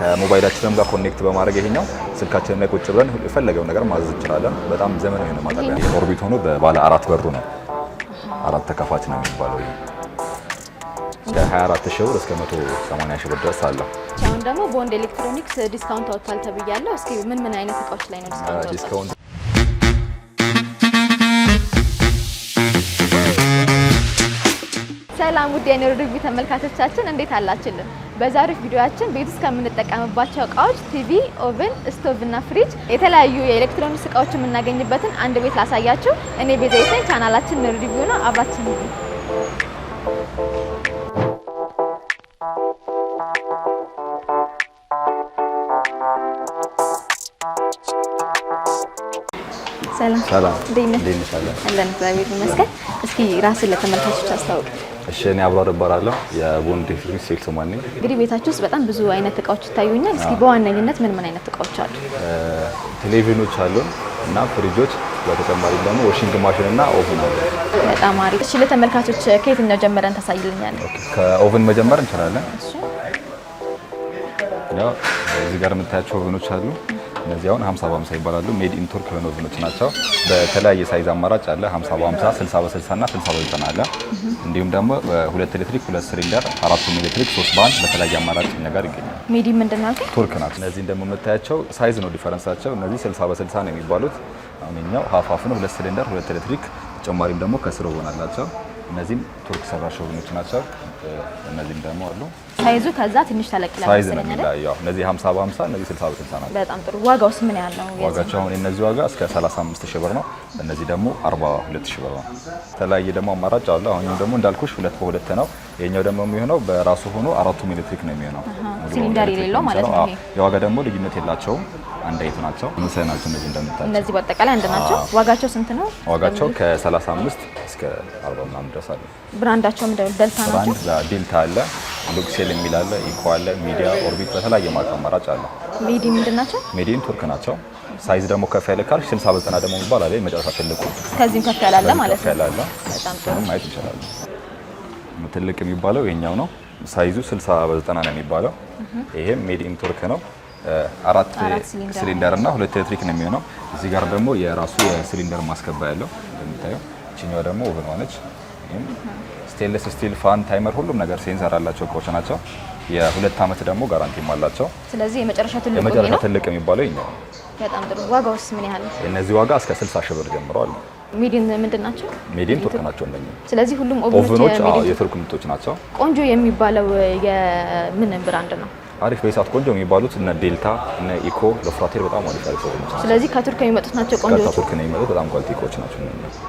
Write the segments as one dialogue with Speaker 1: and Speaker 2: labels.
Speaker 1: ከሞባይላችንም ጋር ኮኔክት በማድረግ ይሄኛው ስልካችንም ላይ ቁጭ ብለን የፈለገውን ነገር ማዘዝ እንችላለን። በጣም ዘመናዊ ነው። ማጠቢያ ኦርቢት ሆኖ በባለ አራት በሩ ነው። አራት ተከፋች ነው የሚባለው። ከ24 ሺህ ብር እስከ 180 ሺህ ብር ድረስ አለ።
Speaker 2: አሁን ደግሞ ቦንድ ኤሌክትሮኒክስ ዲስካውንት አውጥቷል ተብያለሁ። እስኪ ምን ምን አይነት እቃዎች ላይ ነው ዲስካውንት? ሰላም ውድ የኑሮ ሪቪው ተመልካቾቻችን እንዴት አላችሁልን? በዛሬው ቪዲዮአችን ቤት ውስጥ ከምንጠቀምባቸው እቃዎች ቲቪ፣ ኦቨን፣ ስቶቭ እና ፍሪጅ የተለያዩ የኤሌክትሮኒክስ እቃዎች የምናገኝበትን አንድ ቤት ላሳያችሁ። እኔ ቤዛይተን ቻናላችን ሪቪው ነው። አብራችን ሰላም ሰላም፣ እንዴት ነሽ? አለን እግዚአብሔር ይመስገን። እስኪ ራስን ለተመልካቾች አስታውቅ።
Speaker 1: እሺ፣ እኔ አብሯር እባላለሁ የቦንድ
Speaker 2: ኤሌክትሮኒክስ ሴልስማን ነኝ። እንግዲህ ቤታችሁ ውስጥ በጣም ብዙ አይነት እቃዎች ይታዩኛል። እስኪ በዋነኝነት ምን ምን አይነት እቃዎች አሉ?
Speaker 1: ቴሌቪዥኖች አሉን እና ፍሪጆች፣ በተጨማሪ ደግሞ ዋሽንግ ማሽን እና
Speaker 2: ኦቭን አለ። በጣም አሪፍ። እሺ፣ ለተመልካቾች ከየትኛው
Speaker 1: ጀመረን ታሳይልኛል? ከኦቭን መጀመር እንችላለን። እዚህ ጋር የምታያቸው ኦቭኖች አሉ እነዚህ አሁን 50 በ50 ይባላሉ። ሜድ ኢን ቱርክ የሆኑ ኦቨኖች ናቸው። በተለያየ ሳይዝ አማራጭ አለ። 50 በ50፣ 60 በ60 እና 60 በ90 አለ። እንዲሁም ደግሞ ሁለት ኤሌክትሪክ፣ ሁለት ሲሊንደር፣ አራቱም ኤሌክትሪክ፣ ሶስት በአንድ በተለያየ አማራጭ ነገር
Speaker 2: ይገኛል። ሜድ ኢን ምንድን ነው?
Speaker 1: ቱርክ ናት። እነዚህ ደግሞ የምታያቸው ሳይዝ ነው ዲፈረንሳቸው። እነዚህ 60 በ60 ነው የሚባሉት። አሁን እኛው ሀፍ ሀፍ ነው። ሁለት ሲሊንደር፣ ሁለት ኤሌክትሪክ፣ ተጨማሪም ደግሞ ከስር ሆናላቸው። እነዚህም ቱርክ ሰራሽ ኦቨኖች ናቸው። እነዚህም ደግሞ አሉ። ሳይዙ
Speaker 2: ከዛ ትንሽ ተለቅ ይላል።
Speaker 1: ሳይዝ ነው የሚለያየው። እነዚህ 50 በ50 እነዚህ 60 በ60 ናቸው። በጣም ጥሩ።
Speaker 2: ዋጋውስ ምን ያህል ነው?
Speaker 1: ዋጋቸው አሁን እነዚህ ዋጋ እስከ 35 ሺህ ብር ነው። እነዚህ ደግሞ 42 ሺህ ብር ነው። የተለያየ ደግሞ አማራጭ አለ። አሁን ደግሞ እንዳልኩሽ ሁለት በሁለት ነው። የኛው ደግሞ የሚሆነው በራሱ ሆኖ አራቱም ኤሌክትሪክ
Speaker 2: ነው የሚሆነው። ሲሊንደር የሌለው ማለት
Speaker 1: ነው። የዋጋ ደግሞ ልዩነት የላቸውም። አንድ አይነት ናቸው። መሳይ
Speaker 2: ናቸው። እነዚህ እንደምታቸው እነዚህ በአጠቃላይ አንድ ናቸው። ዋጋቸው ስንት ነው?
Speaker 1: ዋጋቸው ከ35 እስከ 40 ምናምን ድረስ
Speaker 2: አለ። ብራንዳቸው
Speaker 1: ምንድን ነው? ደልታ ናቸው። ዴልታ አለ፣ ሉክሴል የሚል አለ፣ ኢኮ አለ፣ ሚዲያ፣ ኦርቢት በተለያየ ማርክ
Speaker 2: አማራጭ አለ። ሜዲ ምንድን ናቸው? ሜዲን
Speaker 1: ቱርክ ናቸው። ሳይዝ ደግሞ ከፍ ያለ ካልሽ 60 በዘጠና ደግሞ የሚባል አለ። የመጨረሻ ትልቁ ከዚህም ከፍ ያላለ
Speaker 2: ማለት ነው።
Speaker 1: ጥሩ ማየት ይችላል። ትልቅ የሚባለው ይሄኛው ነው። ሳይዙ 60 በዘጠና ነው የሚባለው። ይሄም ሜዲን ቱርክ ነው። አራት ሲሊንደር እና ሁለት ኤሌክትሪክ ነው የሚሆነው። እዚህ ጋር ደግሞ የራሱ የሲሊንደር ማስገባ ያለው እንደምታየው። ይችኛዋ ደግሞ ኦቨን ሆነች። ስቴንለስ ስቲል ፋን፣ ታይመር ሁሉም ነገር ሴንሰር ያላቸው እቃዎች ናቸው። የሁለት ዓመት ደግሞ ጋራንቲም አላቸው።
Speaker 2: ስለዚህ የመጨረሻ ትልቅ
Speaker 1: የመጨረሻ ትልቅ የሚባለው
Speaker 2: ይኛው። በጣም ጥሩ። ዋጋውስ ምን ያህል?
Speaker 1: የእነዚህ ዋጋ እስከ 60 ሺህ ብር ጀምረዋል። ሚዲን ምንድን ናቸው? ሚዲን ቱርክ ናቸው
Speaker 2: እንደኛ። ስለዚህ ሁሉም
Speaker 1: ኦቨኖች የቱርክ ምርቶች ናቸው።
Speaker 2: ቆንጆ የሚባለው የምን
Speaker 1: ብራንድ ነው? አሪፍ በሰዓት ቆንጆ የሚባሉት እነ ዴልታ እነ ኢኮ ለፍራቴር በጣም አሪፍ አሪፍ ነው።
Speaker 2: ስለዚህ ከቱርክ የሚመጡት
Speaker 1: ናቸው ቆንጆ ከቱርክ ነው የሚመጡት በጣም ኳሊቲ እቃዎች ናቸው።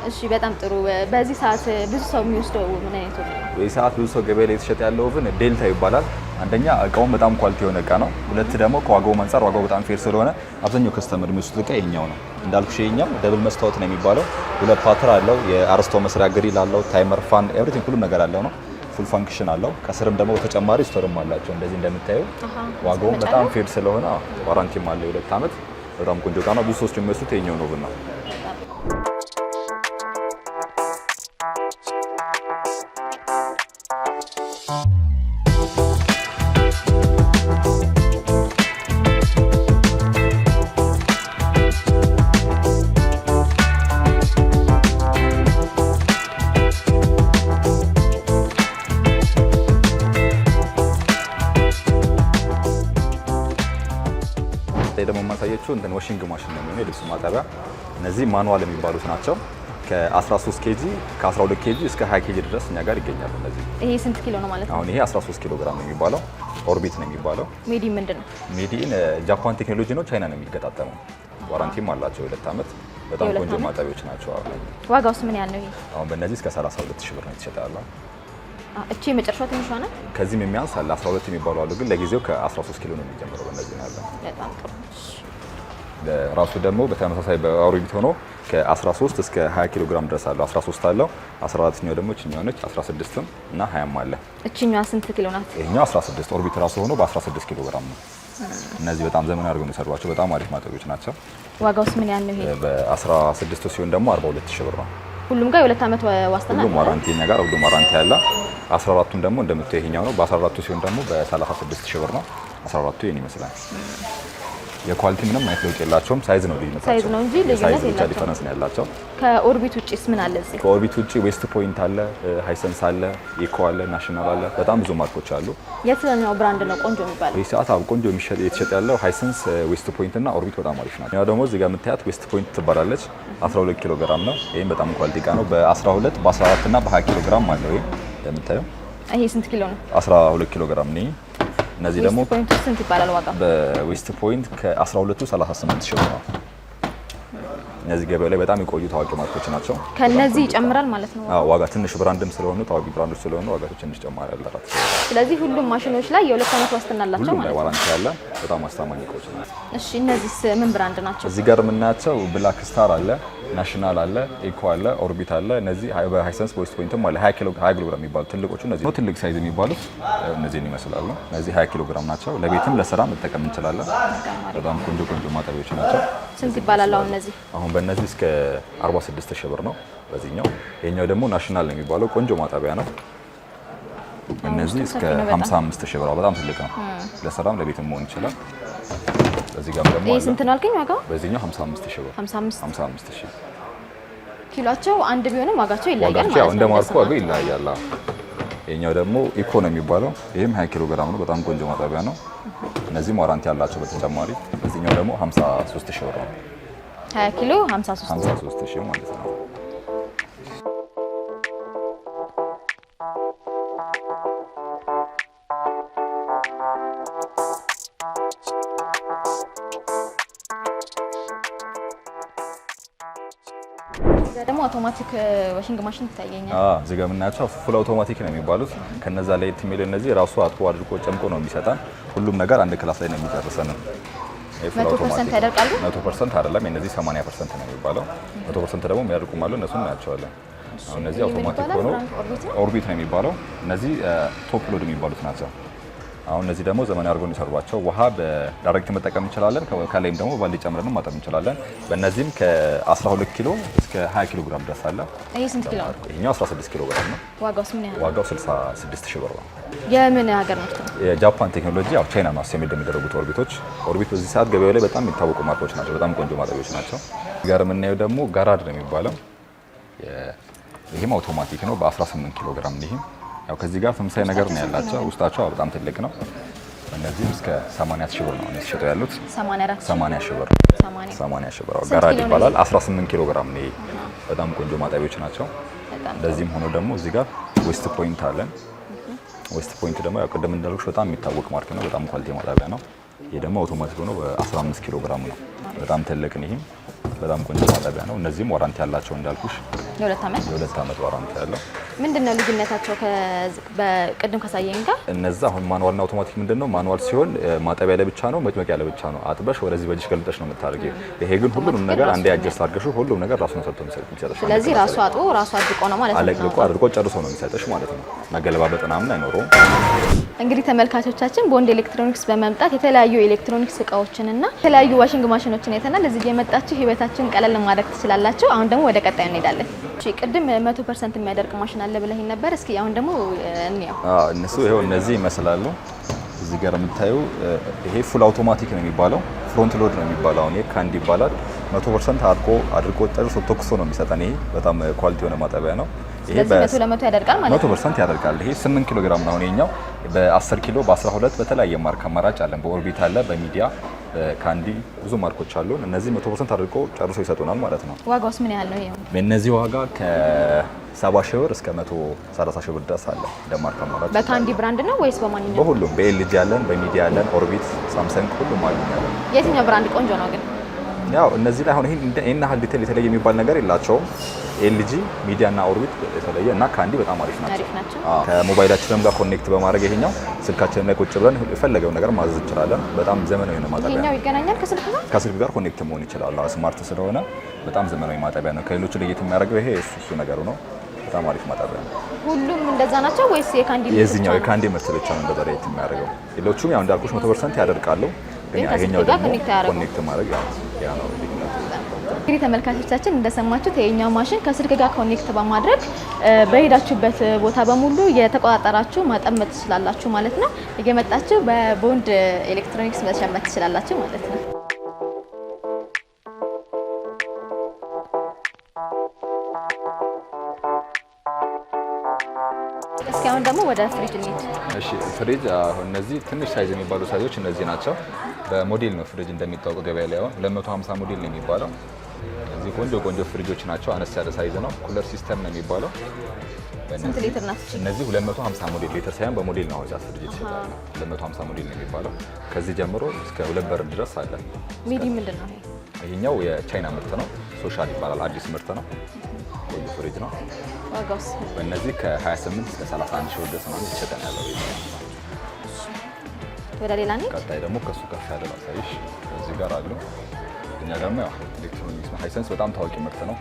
Speaker 2: እሺ በጣም ጥሩ። በዚህ ሰዓት ብዙ ሰው የሚወስደው ምን አይነት ነው?
Speaker 1: በዚህ ብዙ ሰው ገበያ ላይ የተሸጠ ያለው ኦቭን ዴልታ ይባላል። አንደኛ እቃውን በጣም ኳሊቲ የሆነ እቃ ነው። ሁለት ደግሞ ከዋጋው አንጻር ዋጋው በጣም ፌር ስለሆነ አብዛኛው ከስተመር የሚወስዱት እቃ የኛው ነው። እንዳልኩሽ የኛው ደብል መስታወት ነው የሚባለው። ሁለት ፓትር አለው። የአርስቶ መስሪያ ግሪል አለው። ታይመር፣ ፋን ኤቭሪቲንግ ሁሉም ነገር አለው ነው ፉል ፋንክሽን አለው። ከስርም ደግሞ ተጨማሪ ስቶርም አላቸው። እንደዚህ እንደምታዩ ዋጋውም በጣም ፌድ ስለሆነ ዋራንቲም አለው የሁለት ዓመት በጣም ቆንጆ እቃ ነው። ብዙ ሰዎች የሚወስዱት የኛው ነው ብና ሺንግ ማሽን ነው የሚሆነው የልብስ ማጠቢያ። እነዚህ ማኑዋል የሚባሉት ናቸው። ከ13 ኬጂ ከ12 ኬጂ እስከ 20 ኬጂ ድረስ እኛ ጋር ይገኛሉ።
Speaker 2: እነዚህ ይሄ ስንት ኪሎ ነው
Speaker 1: ማለት ነው? አሁን ይሄ 13 ኪሎ ግራም ነው የሚባለው። ኦርቢት ነው የሚባለው። ሜዲን ምንድን ነው? ሜዲን ጃፓን ቴክኖሎጂ ነው። ቻይና ነው የሚገጣጠመው። ዋራንቲም አላቸው የሁለት ዓመት። በጣም
Speaker 2: ቆንጆ ማጠቢያዎች ናቸው። አሁን ዋጋውስ ምን ያህል
Speaker 1: ነው? ይሄ አሁን በእነዚህ እስከ 32 ሺህ ብር ነው የተሸጠ ያለው።
Speaker 2: እቺ የመጨረሻ ትንሿ ናት። ከዚህም
Speaker 1: የሚያንስ አለ 12 የሚባሉ አሉ፣ ግን ለጊዜው ከ13 ኪሎ ነው የሚጀምረው። በእነዚህ ነው ያለው። በጣም ጥሩ ራሱ ደግሞ በተመሳሳይ በአውሪቢት ሆኖ ከ13 እስከ 20 ኪሎ ግራም ድረስ አለው። 13 አለው። 14ኛው ደግሞ እችኛው ነች። 16ም እና 20ም አለ።
Speaker 2: እችኛዋ ስንት ኪሎ ናት?
Speaker 1: ይሄኛው 16 ኦርቢት ራሱ ሆኖ በ16 ኪሎ ግራም ነው። እነዚህ በጣም ዘመናዊ አድርገው የሰሯቸው በጣም አሪፍ ማጠቢያዎች ናቸው።
Speaker 2: ዋጋውስ ምን ያህል ነው?
Speaker 1: ይሄ በ16 ሲሆን ደግሞ 42 ሺህ ብር ነው። ሁሉም ጋር የሁለት ዓመት ዋስትና ሁሉም ዋራንቲ የኛ ጋር ሁሉም ዋራንቲ ያለ 14ቱም ደግሞ እንደምታየው ይሄኛው ነው። በ14ቱ ሲሆን ደግሞ በ36 ሺህ ብር ነው። 14ቱ ይሄን ይመስላል። የኳሊቲ ምንም አይነት ለውጥ የላቸውም። ሳይዝ ነው ልዩነታቸው፣ ሳይዝ ነው እንጂ ልዩነት የላቸውም። ዲፈረንስ
Speaker 2: ነው ያላቸው። ከኦርቢት ውጭስ ምን አለ
Speaker 1: እዚህ? ከኦርቢት ውጪ ዌስት ፖይንት አለ፣ ሃይሰንስ አለ፣ ኢኮ አለ፣ ናሽናል አለ። በጣም ብዙ ማርኮች አሉ። የትኛው
Speaker 2: ብራንድ ነው ቆንጆ የሚባለው? በዚህ
Speaker 1: ሰዓት ቆንጆ የሚሸጥ የተሸጠ ያለው ሃይሰንስ፣ ዌስት ፖይንት እና ኦርቢት በጣም አሪፍ ናቸው። ያ ደግሞ እዚህ ጋር የምታያት ዌስት ፖይንት ትባላለች። 12 ኪሎ ግራም ነው። ይሄም በጣም ኳሊቲ እቃ ነው። በ12 በ14 እና በ20 ኪሎ ግራም አለው። ይሄ እንደምታየው። ይሄ ስንት ኪሎ ነው? 12 ኪሎ ግራም ነው። እነዚህ ደግሞ ዌስት ፖይንቱ
Speaker 2: ስንት ይባላል ዋጋ?
Speaker 1: በዌስት ፖይንት ከ12 38 ሺህ ነው። እነዚህ ገበያ ላይ በጣም የቆዩ ታዋቂ ማርኮች
Speaker 2: ናቸው። ከነዚህ ይጨምራል ማለት ነው። አዎ
Speaker 1: ዋጋ ትንሽ ብራንድም ስለሆኑ ታዋቂ ብራንዶች ስለሆኑ ዋጋቸው ትንሽ ጨማሪ
Speaker 2: አላቸው። ስለዚህ ሁሉም ማሽኖች ላይ የሁለት
Speaker 1: ዓመት ዋስትና አላቸው ማለት ነው። ዋራንቲ ያለ በጣም አስተማማኝ እቃዎች ናቸው።
Speaker 2: እሺ እነዚህ ምን ብራንድ ናቸው? እዚህ
Speaker 1: ጋር የምናያቸው ብላክ ስታር አለ፣ ናሽናል አለ፣ ኢኮ አለ፣ ኦርቢት አለ። እነዚህ በሃይሰንስ ቦይስ ፖይንትም አለ። 20 ኪሎ 20 ኪሎግራም የሚባሉ ትልቆቹ እነዚህ ነው። ትልቅ ሳይዝ የሚባሉት እነዚህን ይመስላሉ። እነዚህ 20 ኪሎ ግራም ናቸው። ለቤትም ለስራ መጠቀም እንችላለን። በጣም ቆንጆ ቆንጆ ማጠቢያዎች ናቸው።
Speaker 2: ስንት ይባላል አሁን እነዚህ
Speaker 1: አሁን በእነዚህ እስከ 46 ሺህ ብር ነው በዚህኛው። ይሄኛው ደግሞ ናሽናል ነው የሚባለው ቆንጆ ማጠቢያ ነው። እነዚህ እስከ 55 ሺህ ብር በጣም ትልቅ ነው። ለስራም ለቤትም መሆን ይችላል።
Speaker 2: በዚህ ጋር ደግሞ ይሄ ስንት
Speaker 1: ነው አልከኝ? ዋጋው በዚህኛው 55 ሺህ ብር 55 ሺህ
Speaker 2: ኪሏቸው አንድ ቢሆንም
Speaker 1: ዋጋቸው ይለያያል ማለት ነው። ያው እንደ ማርኮ ዋጋው ይለያያል። ይሄኛው ደግሞ ኢኮ ነው የሚባለው። ይሄም 20 ኪሎ ግራም ነው። በጣም ቆንጆ ማጠቢያ ነው። እነዚህም ዋራንቲ ያላቸው በተጨማሪ። በዚህኛው ደግሞ 53 ሺህ ብር ነው። 20 ኪሎ 53 ሺህ ማለት ነው።
Speaker 2: ደግሞ አውቶማቲክ ዋሽንግ ማሽን ትታየኛል።
Speaker 1: እዚህ ጋር የምናያቸው ፉል አውቶማቲክ ነው የሚባሉት። ከነዛ የሚል እነዚህ ራሱ አጥቦ አድርጎ ጨምቆ ነው የሚሰጣን። ሁሉም ነገር አንድ ክላስ ላይ ነው የሚጨርሰን። መቶ ፐርሰንት ያደርቃሉ። መቶ ፐርሰንት አይደለም፣ የነዚህ ሰማንያ ፐርሰንት ነው የሚባለው። መቶ ፐርሰንት ደግሞ የሚያደርቁም አሉ፣ እነሱን እናያቸዋለን። እነዚህ
Speaker 2: አውቶማቲክ ሆኖ
Speaker 1: ኦርቢት ነው የሚባለው። እነዚህ ቶፕ ሎድ የሚባሉት ናቸው። አሁን እነዚህ ደግሞ ዘመናዊ አድርገው እንዲሰሯቸው ውሃ በዳይሬክት መጠቀም እንችላለን። ከላይም ደግሞ ባልዲ ጨምረን ማጠብ እንችላለን። በእነዚህም ከ12 ኪሎ እስከ 20 ኪሎ ግራም ድረስ አለ። ይህ ስንት ኪሎ ነው? ይሄኛው 16 ኪሎ ግራም ነው። ዋጋው 66 ሺህ ብር ነው። የምን ሀገር ምርት ነው? የጃፓን ቴክኖሎጂ ያው ቻይና ነው ሴሜድ የሚደረጉት ኦርቢቶች። ኦርቢት በዚህ ሰዓት ገበያው ላይ በጣም የሚታወቁ ማርኮች ናቸው። በጣም ቆንጆ ማጠቢያዎች ናቸው። ጋር የምናየው ደግሞ ጋራድ ነው የሚባለው። ይህም አውቶማቲክ ነው በ18 ኪሎ ግራም ይህም ያው ከዚህ ጋር ተመሳሳይ ነገር ነው ያላቸው። ውስጣቸው በጣም ትልቅ ነው። እነዚህም እስከ 80 ሺህ ብር ነው ሲሸጡ ያሉት። 80 ሺህ ብር 80 ሺህ ብር ጋራጅ ይባላል። 18 ኪሎ ግራም ነው። በጣም ቆንጆ ማጠቢያዎች ናቸው። እንደዚህም ሆኖ ደግሞ እዚህ ጋር ዌስት ፖይንት አለን። ዌስት ፖይንት ደግሞ ያው ቅድም እንዳልኩሽ በጣም የሚታወቅ ማርክ ነው። በጣም ኳሊቲ ማጠቢያ ነው። ይሄ ደግሞ አውቶማቲክ ሆኖ በ15 ኪሎ ግራም ነው። በጣም ትልቅ ነው ይሄም በጣም ቆንጆ ማጠቢያ ነው። እነዚህም ዋራንቲ ያላቸው እንዳልኩሽ የሁለት ዓመት የሁለት ዓመት ዋራንቲ
Speaker 2: ያለው። ምንድን ነው ልዩነታቸው በቅድም
Speaker 1: ከሳየኝ ጋር? እነዛ አሁን ማኑዋልና አውቶማቲክ ምንድን ነው? ማኑዋል ሲሆን ማጠቢያ ላይ ብቻ ነው፣ መጭመቂያ ብቻ ነው። አጥበሽ ወደዚህ በጅሽ ገልጠሽ ነው የምታደርጊው። ይሄ ግን ሁሉንም ነገር አንዴ አጀስት አድርገሽ ሁሉም ነገር ራሱ ነው ሰጥቶ የሚሰጥሽ።
Speaker 2: ስለዚህ ራሱ አጥቦ ራሱ አድርቆ ነው ማለት ነው። አለቅልቆ
Speaker 1: አድርቆ ጨርሶ ነው የሚሰጠሽ ማለት ነው። መገለባበጥ ምናምን አይኖረውም።
Speaker 2: እንግዲህ ተመልካቾቻችን ቦንድ ኤሌክትሮኒክስ በመምጣት የተለያዩ ኤሌክትሮኒክስ እቃዎችንና የተለያዩ ዋሽንግ ማሽኖችን አይተናል። እዚህ የመጣችሁ ህይወት ስሜታችሁን ቀለል ማድረግ ትችላላችሁ። አሁን ደግሞ ወደ ቀጣዩ እንሄዳለን። እሺ ቅድም 100% የሚያደርቅ ማሽን አለ ብለህ ነበር። እስኪ አሁን ደግሞ
Speaker 1: እንየው። አዎ እነሱ ይሄው እነዚህ ይመስላሉ። እዚህ ጋር የምታዩ ይሄ ፉል አውቶማቲክ ነው የሚባለው፣ ፍሮንት ሎድ ነው የሚባለው። አሁን ይሄ ካንድ ይባላል። 100% አርቆ አድርቆ ጠርሶ ተኩሶ ነው የሚሰጠን። ይሄ በጣም ኳሊቲ የሆነ ማጠቢያ ነው። ይሄ በ100 ያደርቃል ማለት 100% ያደርቃል። ይሄ 8 ኪሎ ግራም ነው። አሁን በ10 ኪሎ፣ በ12 በተለያየ ማርክ አማራጭ አለን። በኦርቢት አለ፣ በሚዲያ ካንዲ ብዙ ማርኮች አሉን። እነዚህ 100% አድርቆ ጨርሶ ይሰጡናል
Speaker 2: ማለት ነው። ዋጋውስ
Speaker 1: ምን ያህል ነው? የእነዚህ ዋጋ ከ70 ሺህ ብር እስከ 130 ሺህ ብር ድረስ አለ።
Speaker 2: ደማርክ አማራጭ በካንዲ ብራንድ ነው ወይስ በማንኛውም?
Speaker 1: በሁሉም በኤልጂ ያለን፣ በሚዲያ ያለን፣ ኦርቢት፣ ሳምሰንግ
Speaker 2: ሁሉም አሉኝ ያለን። የትኛው ብራንድ ቆንጆ ነው ግን?
Speaker 1: ያው እነዚህ ላይ አሁን ይሄን ያህል ዲቴል የተለየ የሚባል ነገር የላቸውም። ኤልጂ ሚዲያ እና ኦርቢት የተለየ እና ካንዲ በጣም አሪፍ ናቸው። ከሞባይላችንም ጋር ኮኔክት በማድረግ ይሄኛው ስልካችን ላይ ቁጭ ብለን የፈለገውን ነገር ማዘዝ እንችላለን። በጣም ዘመናዊ ነው ማጠቢያ ነው። ይገናኛል
Speaker 2: ከስልክ ጋር ከስልክ
Speaker 1: ጋር ኮኔክት መሆን ይችላል። ስማርት ስለሆነ በጣም ዘመናዊ ማጠቢያ ነው። ከሌሎቹ ለየት የሚያደርገው ይሄ እሱ እሱ ነገሩ ነው። በጣም አሪፍ
Speaker 2: ማጠቢያ ነው። ሁሉም እንደዛ ናቸው ወይስ
Speaker 1: የካንዲ የዚህኛው የካንዲ መሰለቻ ነው እንደዛ ለየት የሚያደርገው? ሌሎቹም ያው እንዳልኩሽ 100% ፐርሰንት ያደርቃሉ ግን ያገኘው ደግሞ ኮኔክት ማድረግ ያ ነው ልዩነቱ።
Speaker 2: እንግዲህ ተመልካቾቻችን እንደሰማችሁት የኛው ማሽን ከስልክ ጋር ኮኔክት በማድረግ በሄዳችሁበት ቦታ በሙሉ የተቆጣጠራችሁ ማጠመጥ ትችላላችሁ ማለት ነው። እየመጣችሁ በቦንድ ኤሌክትሮኒክስ መሸመት ትችላላችሁ ማለት ነው። እስኪ አሁን ደግሞ ወደ ፍሪጅ እንሂድ።
Speaker 1: እሺ ፍሪጅ አሁን እነዚህ ትንሽ ሳይዝ የሚባሉ ሳይዞች እነዚህ ናቸው። በሞዴል ነው ፍሪጅ እንደሚታወቀው ገበያ ላይ አሁን 250 ሞዴል ነው የሚባለው። እዚህ ቆንጆ ቆንጆ ፍሪጆች ናቸው። አነስ ያለ ሳይዝ ነው። ኩለር ሲስተም ነው የሚባለው። ስንት ሊትር ናት? እነዚህ 250 ሞዴል ሊትር ሳይሆን በሞዴል ነው ዛት ፍሪጅ ይሰጣል። 250 ሞዴል ነው የሚባለው። ከዚህ ጀምሮ እስከ ሁለት በር ድረስ አለ። ሚዲ ምንድን ነው ይሄኛው? የቻይና ምርት ነው። ሶሻል ይባላል። አዲስ ምርት ነው። ቆንጆ ፍሪጅ ነው። በእነዚህ ከ28 እስከ 31 ሺህ ብር ድረስ ምናምን ያለው ወደ ሌላ ነች። ቀጣይ ደግሞ ከሱ ከፍ ያለ ማሳይሽ እዚህ ጋር አሉ። እኛ ደግሞ ያው ኤሌክትሮኒክስ ነው። ሃይሰንስ በጣም ታዋቂ ምርት ነው።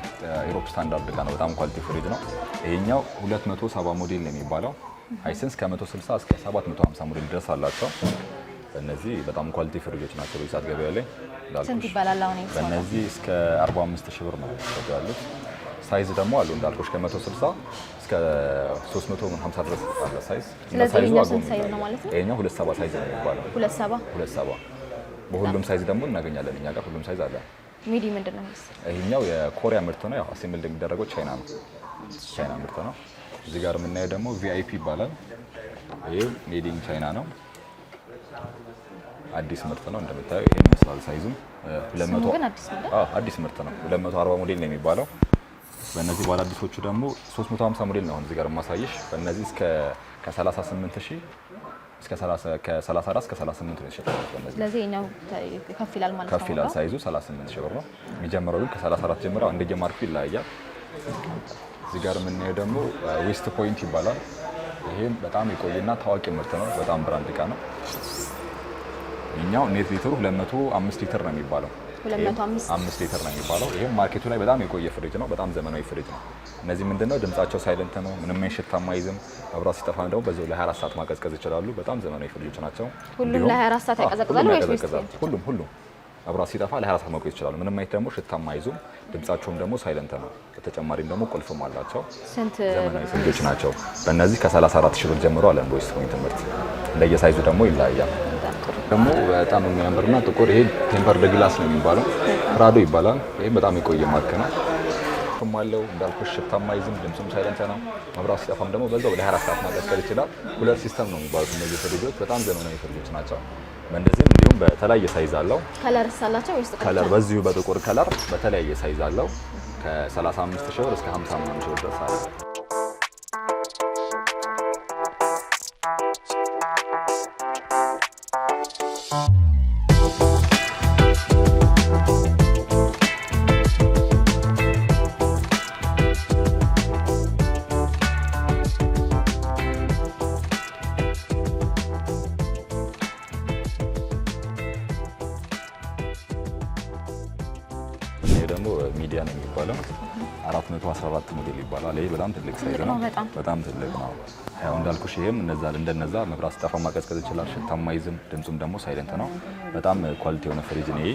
Speaker 1: ኢሮፕ ስታንዳርድ እቃ ነው። በጣም ኳሊቲ ፍሪጅ ነው። ይሄኛው 270 ሞዴል ነው የሚባለው። ሃይሰንስ ከ160 እስከ 750 ሞዴል ድረስ አላቸው። እነዚህ በጣም ኳሊቲ ፍሪጆች ናቸው። በሰዓት ገበያ ላይ ስንት ይባላል? አሁን በእነዚህ እስከ 45 ሺህ ብር ነው ያሉት ሳይዝ ደግሞ አሉ እንዳልኩሽ ከ160 እስከ 350 ድረስ አለ ሳይዝ። ስለዚህ
Speaker 2: ይሄኛው ሳይዝ ነው ማለት
Speaker 1: ነው? ይሄኛው 27 ሳይዝ ነው የሚባለው። 27 27 በሁሉም ሳይዝ ደግሞ እናገኛለን። እኛ ጋር ሁሉም
Speaker 2: ሳይዝ አለ። ሚዲ
Speaker 1: ምንድን ነው? ይሄኛው የኮሪያ ምርት ነው። ያው አሴምብል የሚደረገው ቻይና ነው። ቻይና ምርት ነው። እዚህ ጋር የምናየው ደግሞ ቪአይፒ ይባላል። ይሄ ሜድ ኢን ቻይና ነው። አዲስ ምርት ነው እንደምታየው። ይሄን መስላል ሳይዙም። አዲስ ምርት ነው። 240 ሞዴል ነው የሚባለው በእነዚህ ባለ አዲሶቹ ደግሞ 350 ሞዴል ነው እዚህ ጋር የማሳየሽ። በእነዚህ እስከ ከ38 ሺህ እስከ ከ34 እስከ 38 ነው
Speaker 2: ይሸጣል። ስለዚህ ነው ከፍ ይላል
Speaker 1: ማለት ነው። ከፍ ይላል ሳይዙ 38 ሺህ ብር ነው የሚጀምረው። ግን ከ34 ጀምረው አንደየ ጀማርኩ ይለያያል። እዚህ ጋር የምናየው ደግሞ ዌስት uh, ፖይንት ይባላል። ይሄም በጣም የቆየና ታዋቂ ምርት ነው። በጣም ብራንድ እቃ ነው። እኛው ኔት ሊትሩ 205 ሊትር ነው የሚባለው 205 ሊትር ነው የሚባለው። ይህም ማርኬቱ ላይ በጣም የቆየ ፍሪጅ ነው። በጣም ዘመናዊ ፍሪጅ ነው። እነዚህ ምንድነው ድምጻቸው ሳይለንት ነው። ምንም ሽታ ማይዝም። መብራት ሲጠፋ ደግሞ በዚሁ ለ24 ሰዓት ማቀዝቀዝ ይችላሉ። በጣም ዘመናዊ ፍሪጆች ናቸው። ሁሉም ለ24 ሰዓት ያቀዘቅዛሉ ወይስ ሁሉም ሁሉም መብራት ሲጠፋ ለ24 ሰዓት መቆየት ይችላሉ። ምንም አይነት ደግሞ ሽታ ማይዙም። ድምጻቸውም ደግሞ ሳይለንት ነው። በተጨማሪም ደግሞ ቁልፍም አላቸው። ዘመናዊ ፍሪጆች ናቸው። በእነዚህ ከ34 ሺህ ብር ጀምሮ አለ ኢንቮይስ ፖይንት ምርት እንደየሳይዙ ደግሞ ይለያያል። ደግሞ በጣም የሚያምርና ጥቁር ይሄ ቴምፐር ደግላስ ነው የሚባለው፣ ፕራዶ ይባላል። ይሄ በጣም የቆየ ማርክ ነው። ሽም አለው እንዳልኩሽ፣ ሽታም አይዝም፣ ድምፅም ሳይለንት ነው። መብራት ሲጠፋም ደግሞ በዛው ወደ 24 ሰዓት ማቀዝቀዝ ይችላል። ሁለት ሲስተም ነው የሚባሉት እነዚህ ፍሪጆች፣ በጣም ዘመናዊ ፍሪጆች ናቸው። በእንደዚህም እንዲሁም በተለያየ ሳይዝ አለው። ከለር ሳላቸው ወይስ ከለር በዚሁ በጥቁር ከለር በተለያየ ሳይዝ አለው። ከ35 ሺህ ብር እስከ 55 ሺህ ብር ድረስ አለው። ሺህም እነዛ እንደነዛ መብራት ስጠፋ ማቀዝቀዝ ይችላል። ሽታም አይዝም። ድምፁም ደግሞ ሳይለንት ነው። በጣም ኳሊቲ የሆነ ፍሪጅ ነው ይሄ።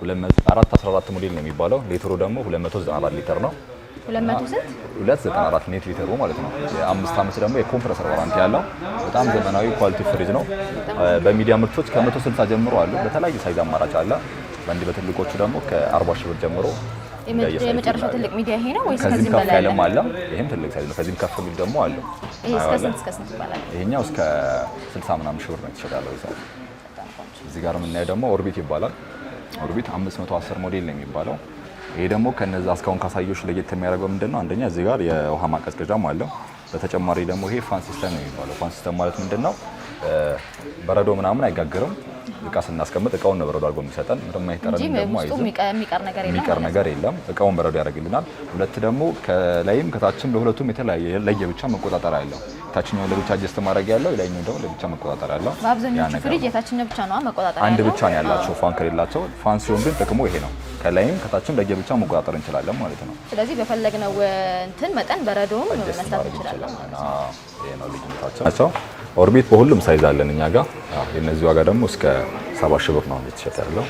Speaker 1: 414 ሞዴል ነው የሚባለው። ሌትሮ ደግሞ 294 ሊትር ነው። 294 ኔት ሊትሩ ማለት ነው። የአምስት ዓመት ደግሞ የኮምፕረሰር ዋራንቲ ያለው በጣም ዘመናዊ ኳሊቲ ፍሪጅ ነው። በሚዲያ ምርቶች ከ160 ጀምሮ አሉ። በተለያየ ሳይዝ አማራጭ አለ። በእንዲህ በትልቆቹ ደግሞ ከ40 ሺህ ብር ጀምሮ የመጨረሻ ትልቅ ሚዲያ ይሄ ነው ወይስ ከዚህ ከፍ ያለም አለ? ይሄም ትልቅ ሳይዝ ነው። ከዚህም ከፍ የሚል ደግሞ አለው። ይሄኛው እስከ 60 ምናምን ሺህ ብር ነው የተሸጣለው። እዚህ ጋር የምናየው ደግሞ ኦርቢት ይባላል። ኦርቢት 510 ሞዴል ነው የሚባለው። ይሄ ደግሞ ከነዛ እስካሁን ካሳዮች ለየት የሚያደርገው ምንድን ነው? አንደኛ እዚህ ጋር የውሃ ማቀዝቀዣም አለው። በተጨማሪ ደግሞ ይሄ ፋን ሲስተም ነው የሚባለው። ፋን ሲስተም ማለት ምንድን ነው? በረዶ ምናምን አይጋግርም። እቃ ስናስቀምጥ እቃውን በረዶ አድርጎ የሚሰጠን። ምንም አይጠረን ደግሞ የሚቀር ነገር የለም። እቃውን በረዶ ያደርግልናል። ሁለት ደግሞ ከላይም ከታችም ለሁለቱም የተለያየ ለየብቻ መቆጣጠሪያ ያለው ታችኛው ለብቻ ጀስት ማድረግ ያለው ላይኛው ደግሞ ለብቻ መቆጣጠሪያ ያለው። በአብዛኛው ፍሪጅ የታችኛው ብቻ ነው መቆጣጠሪያ አንድ ብቻ ነው ያላቸው፣ ፋን ከሌላቸው። ፋን ሲሆን ግን ጥቅሙ ይሄ ነው። ከላይም ከታችም ለየብቻ መቆጣጠር እንችላለን ማለት ነው። ስለዚህ በፈለግነው እንትን መጠን በረዶም መስራት እንችላለን ማለት ነው። ይሄ ነው ልዩነታቸው። ኦርቢት በሁሉም ሳይዝ አለን እኛ ጋር። የነዚህ ዋጋ ደግሞ እስከ 70 ሺህ ብር ነው እየተሸጠ ያለው።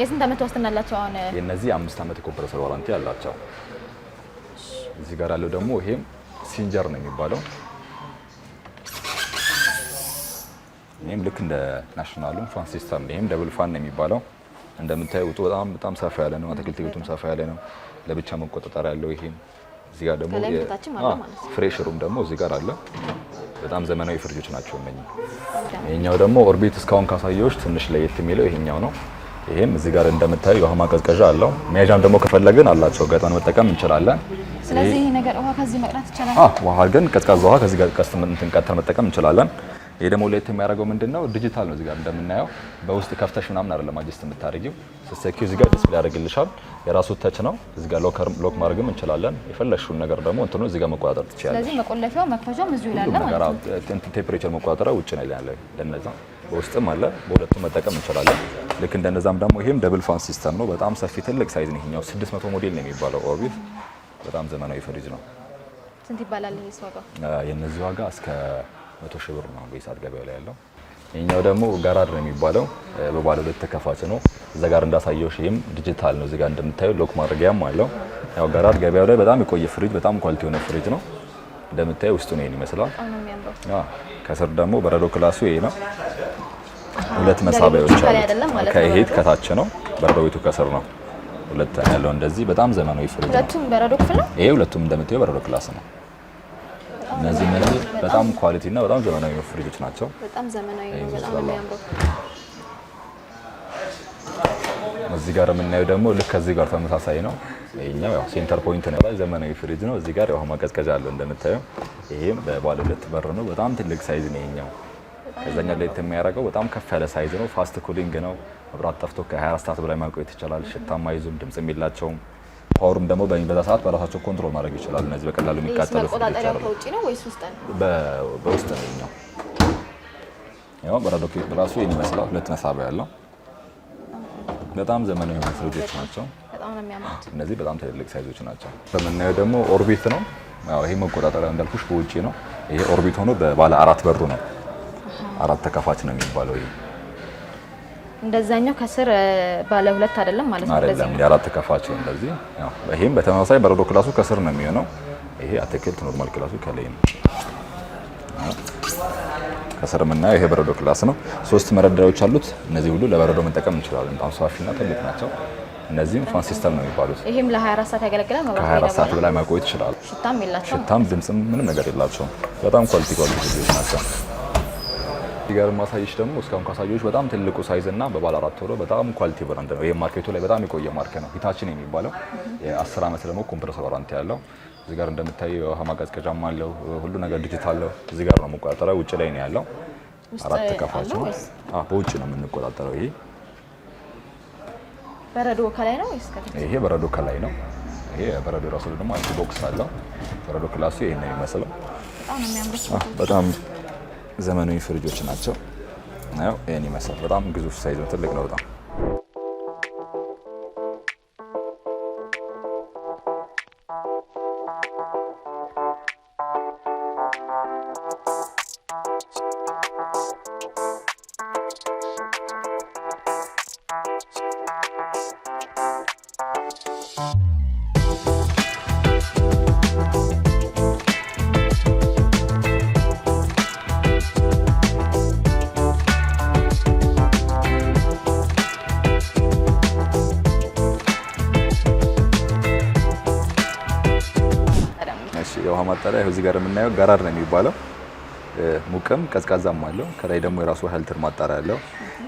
Speaker 2: የስንት ዓመት ዋስትና አላቸው? አሁን የነዚህ
Speaker 1: አምስት ዓመት የኮምፕረሰር ዋራንቲ አላቸው። እዚህ ጋር ያለው ደግሞ ይሄም ሲንጀር ነው የሚባለው። ይህም ልክ እንደ ናሽናሉም ፋን ሲስተም ነው። ይህም ደብል ፋን ነው የሚባለው። እንደምታየው ውጡ በጣም በጣም ሰፋ ያለ ነው። አትክልት ቤቱም ሰፋ ያለ ነው። ለብቻ መቆጣጠር ያለው ይሄም። እዚህ ጋር ደግሞ ፍሬሽ ሩም ደግሞ እዚህ ጋር አለ። በጣም ዘመናዊ ፍርጆች ናቸው እነኚህ። ይሄኛው ደግሞ ኦርቢት እስካሁን ካሳየዎች ትንሽ ለየት የሚለው ይሄኛው ነው። ይሄም እዚህ ጋር እንደምታዩ የውሃ ማቀዝቀዣ አለው። መያዣም ደግሞ ከፈለግን አላቸው ገጠን መጠቀም እንችላለን። ስለዚህ ይሄ ነገር ውሃ ከዚህ መቅዳት ይችላል። አዎ ውሃ ግን ቀዝቃዛ ውሃ ከዚህ ጋር ቀድተን መጠቀም እንችላለን። ይሄ ደግሞ ለየት የሚያደርገው ምንድነው ዲጂታል ነው። እዚህ ጋር እንደምናየው በውስጥ ከፍተሽ ምናምን አይደለም አጀስት የምታደርጊው ስትሰኪው እዚህ ጋር ዲስፕሌይ ያደርግልሻል። የራሱ ተች ነው። እዚህ ጋር ሎከር ሎክ ማድረግም እንችላለን። የፈለግሽውን ነገር ደግሞ እንትኑ እዚህ ጋር መቆጣጠር ትችላለሽ። ስለዚህ መቆለፊያው መክፈቻውም እዚሁ ይላል ማለት ነው። ነገር ቴምፕሬቸር መቆጣጠሪያ ውጭ ነው ያለው ለነዛ በውስጥም አለ። በሁለቱም መጠቀም እንችላለን። ልክ እንደነዛም ደግሞ ይሄም ደብል ፋን ሲስተም ነው። በጣም ሰፊ ትልቅ ሳይዝ ነው። ይሄኛው 600 ሞዴል ነው የሚባለው ኦርቢት። በጣም ዘመናዊ ፍሪጅ
Speaker 2: ነው። ስንት ይባላል ዋጋ?
Speaker 1: የነዚህ ዋጋ? እስከ 100 ሺህ ብር ነው በሰዓት ገበያ ላይ ያለው። ይሄኛው ደግሞ ጋራድ ነው የሚባለው በባለ ሁለት ተከፋች ነው። እዛ ጋር እንዳሳየው ይሄም ዲጂታል ነው። እዚህ ጋር እንደምታዩ ሎክ ማድረጊያም አለው። ያው ጋራድ ገበያው ላይ በጣም የቆየ ፍሪጅ፣ በጣም ኳሊቲ የሆነ ፍሪጅ ነው። እንደምታዩ ውስጡ ነው ይሄን ይመስላል። ከስር ደግሞ በረዶ ክላሱ ይሄ ነው። ሁለት መሳቢያዎች አሉት። ከሄድ ከታች ነው፣ በረዶ ቤቱ ከስር ነው። ሁለት ያለው እንደዚህ በጣም ዘመናዊ ፍሪጅ ነው። ሁለቱም በረዶ ክፍል ነው። ይሄ ሁለቱም እንደምታየው በረዶ ክላስ ነው። እነዚህ እነዚህ በጣም ኳሊቲ እና በጣም ዘመናዊ ፍሪጆች ናቸው። በጣም ዘመናዊ ነው። በጣም የሚያምሩ እዚህ ጋር የምናየው ደግሞ ልክ ከዚህ ጋር ተመሳሳይ ነው። ይሄኛው ያው ሴንተር ፖይንት ነው፣ ዘመናዊ ፍሪጅ ነው። እዚህ ጋር ያው ማቀዝቀዣ አለው እንደምታየው። ይሄም በባለ ሁለት በር ነው። በጣም ትልቅ ሳይዝ ነው ይሄኛው ከዛኛው ለየት የሚያደርገው በጣም ከፍ ያለ ሳይዝ ነው። ፋስት ኩሊንግ ነው። መብራት ጠፍቶ ከ24 ሰዓት በላይ ማቆየት ይችላል። ሽታማ ይዙም ድምጽ የሚላቸውም ፓወሩም ደግሞ በዛ ሰዓት በራሳቸው ኮንትሮል ማድረግ ይችላሉ። እነዚህ በቀላሉ የሚቃጠሉ በውስጥ ነው ኛው ያው በረዶ ኬክ ራሱ ይህን ይመስላል። ሁለት መሳቢያ ያለው በጣም ዘመናዊ የሆኑ ፍሪጆች ናቸው። እነዚህ በጣም ትልልቅ ሳይዞች ናቸው። በምናየው ደግሞ ኦርቢት ነው። ይሄ መቆጣጠሪያ እንዳልኩሽ በውጭ ነው። ይሄ ኦርቢት ሆኖ በባለ አራት በሩ ነው አራት ተከፋች ነው የሚባለው።
Speaker 2: እንደዛኛው ከስር ባለ ሁለት አይደለም
Speaker 1: ማለት ነው። አይደለም የአራት ተከፋች ነው እንደዚህ። ያው ይሄም በተመሳሳይ በረዶ ክላሱ ከስር ነው የሚሆነው። ይሄ አትክልት ኖርማል ክላሱ ከላይ ነው። ከስር የምናየው ይሄ በረዶ ክላስ ነው። ሶስት መደርደሪያዎች አሉት። እነዚህ ሁሉ ለበረዶ መጠቀም እንችላለን። በጣም ሰፋፊና ትልቅ ናቸው። እነዚህም ፋን ሲስተም ነው የሚባሉት። ይሄም ለ24 ሰዓት ያገለግላል። ከ24 ሰዓት በላይ መቆየት ይችላል። ሽታም የላቸውም፣ ሽታም ድምጽም ምንም ነገር የላቸውም። በጣም ኳሊቲ ኳሊቲ ናቸው። ጋር ማሳየሽ ደግሞ እስካሁን ካሳየሽ በጣም ትልቁ ሳይዝ እና በባለ አራት ወሮ በጣም ኳሊቲ ብራንድ ነው። ይሄ ማርኬቱ ላይ በጣም የቆየ ማርክ ነው ሂታችን የሚባለው የአስር ዓመት ደግሞ ኮምፕረሰር ዋራንቲ ያለው እዚህ ጋር እንደምታየው የውሃ ማቀዝቀዣም አለው። ሁሉ ነገር ዲጂታል ነው። እዚህ ጋር ነው የምንቆጣጠረው። ውጭ ላይ ነው ያለው። አራት ከፋች ነው። አዎ በውጭ ነው የምንቆጣጠረው። ይሄ
Speaker 2: በረዶ ከላይ ነው ወይስ ይሄ በረዶ ከላይ ነው። ይሄ በረዶ ራሱ ደግሞ አንቲ ቦክስ አለው። በረዶ ክላሱ ይሄን ነው የሚመስለው። በጣም ዘመናዊ ፍሪጆች ናቸው። ይህን ይመስላል። በጣም ግዙፍ ሳይዝ ነው። ትልቅ ነው በጣም እዚህ ጋር የምናየው ጋራር ነው የሚባለው። ሙቅም ቀዝቃዛም አለው። ከላይ ደግሞ የራሱ ሀልትር ማጣሪያ አለው።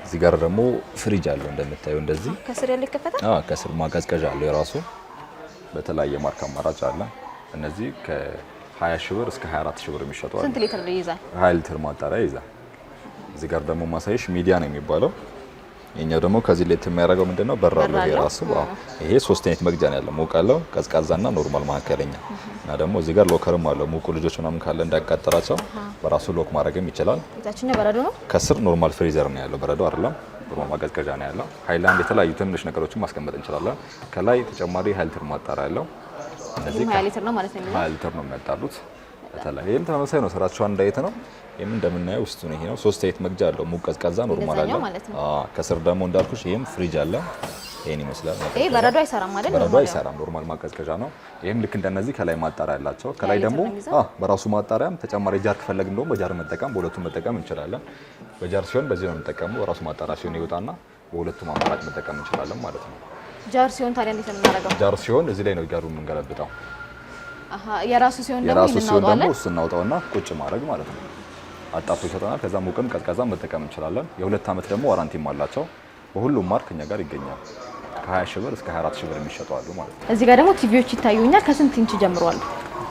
Speaker 2: እዚህ ጋር ደግሞ ፍሪጅ አለው እንደምታየው፣ እንደዚህ ከስር ያለ ይከፈታል። አዎ ከስር ማቀዝቀዣ አለው የራሱ። በተለያየ ማርክ አማራጭ አለ። እነዚህ ከ20 ሺህ ብር እስከ 24 ሺህ ብር የሚሸጡ አሉ። ስንት ሊትር ይይዛል? ሀልትር ማጣሪያ ይይዛል። እዚህ ጋር ደግሞ ማሳየሽ ሚዲያ ነው የሚባለው የኛው ደግሞ ከዚህ ለየት የሚያደርገው ምንድነው? በራሉ የራሱ ይሄ ሶስት አይነት መግጃ ነው ያለው። ሞቃለው፣ ቀዝቃዛና ኖርማል መካከለኛ እና ደግሞ እዚህ ጋር ሎከርም አለው። ሙቁ ልጆች ምናምን ካለ እንዳያቃጥላቸው በራሱ ሎክ ማድረግም ይችላል። ከስር ኖርማል ፍሪዘር ነው ያለው፣ በረዶ አይደለም፣ ኖርማል ማቀዝቀዣ ነው ያለው። ሃይላንድ፣ የተለያዩ ትንሽ ነገሮችን ማስቀመጥ እንችላለን። ከላይ ተጨማሪ ሀይል ትር ማጣሪያ ያለው ሀያ ሊትር ነው የሚያጣሉት ታላቅ ይህም ተመሳሳይ ነው። ስራቸው አንድ አይነት ነው። ይሄም እንደምናየው ውስጡ ነው። ይሄ ነው ሶስት አይት መግጃ አለው። ሙቀዝቀዛ ቀዝቃዛ፣ ኖርማል አለ። ከስር ደግሞ እንዳልኩሽ ይሄም ፍሪጅ አለ። ይሄን ይመስላል። ይሄ በረዶ አይሰራም አይደል? በረዶ አይሰራም፣ ኖርማል ማቀዝቀዣ ነው። ይሄም ልክ እንደነዚህ ከላይ ማጣሪያ አላቸው። ከላይ ደግሞ በራሱ ማጣሪያም ተጨማሪ ጃር ከፈለግን ደግሞ በጃር መጠቀም በሁለቱም መጠቀም እንችላለን። በጃር ሲሆን በዚህ ነው የምንጠቀመው። በራሱ ማጣሪያ ሲሆን ይወጣና በሁለቱም አማራጭ መጠቀም እንችላለን ማለት ነው። ጃር ሲሆን ታዲያ እንዴት ነው የምናደርገው? ጃር ሲሆን እዚህ ላይ ነው ጃሩን የምንገለብጠው የራሱ ሲሆን ደግሞ እሱ እናውጣውና ቁጭ ማድረግ ማለት ነው። አጣፍቶ ይሰጠናል። ከዛ ሙቅም ቀዝቀዛ መጠቀም እንችላለን። የሁለት ዓመት ደግሞ ዋራንቲም አላቸው። በሁሉም ማርክ እኛ ጋር ይገኛል። ከ20 ሺህ ብር እስከ 24 ሺህ ብር የሚሸጡ አሉ ማለት ነው። እዚህ ጋር ደግሞ ቲቪዎች ይታዩኛል። ከስንት ኢንች ጀምሯል?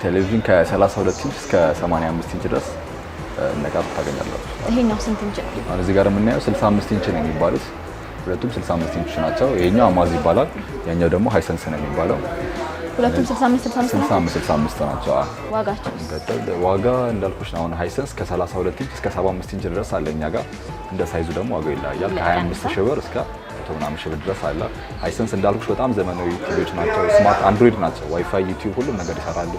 Speaker 2: ቴሌቪዥን ከ32 ኢንች እስከ 85 ኢንች ድረስ እነቃ ታገኛላችሁ። ይሄኛው ስንት ኢንች? አሁን እዚህ ጋር የምናየው 65 ኢንች ነው የሚባሉት። ሁለቱም 65 ኢንች ናቸው። ይሄኛው አማዝ ይባላል። ያኛው ደግሞ ሃይሰንስ ነው የሚባለው ሁለቱም 65 ናቸው። ዋጋቸው ዋጋ እንዳልኩሽ አሁን ሃይሰንስ ከ32 ኢንች እስከ 75 ኢንች ድረስ አለ እኛ ጋር። እንደ ሳይዙ ደግሞ ዋጋው ይለያያል። ከ25 ሺህ ብር እስከ መቶ ምናምን ሺህ ብር ድረስ አለ። ሃይሰንስ እንዳልኩሽ በጣም ዘመናዊ ቲቪዎች ናቸው። ስማርት አንድሮይድ ናቸው። ዋይፋይ፣ ዩቲዩብ ሁሉም ነገር ይሰራሉ።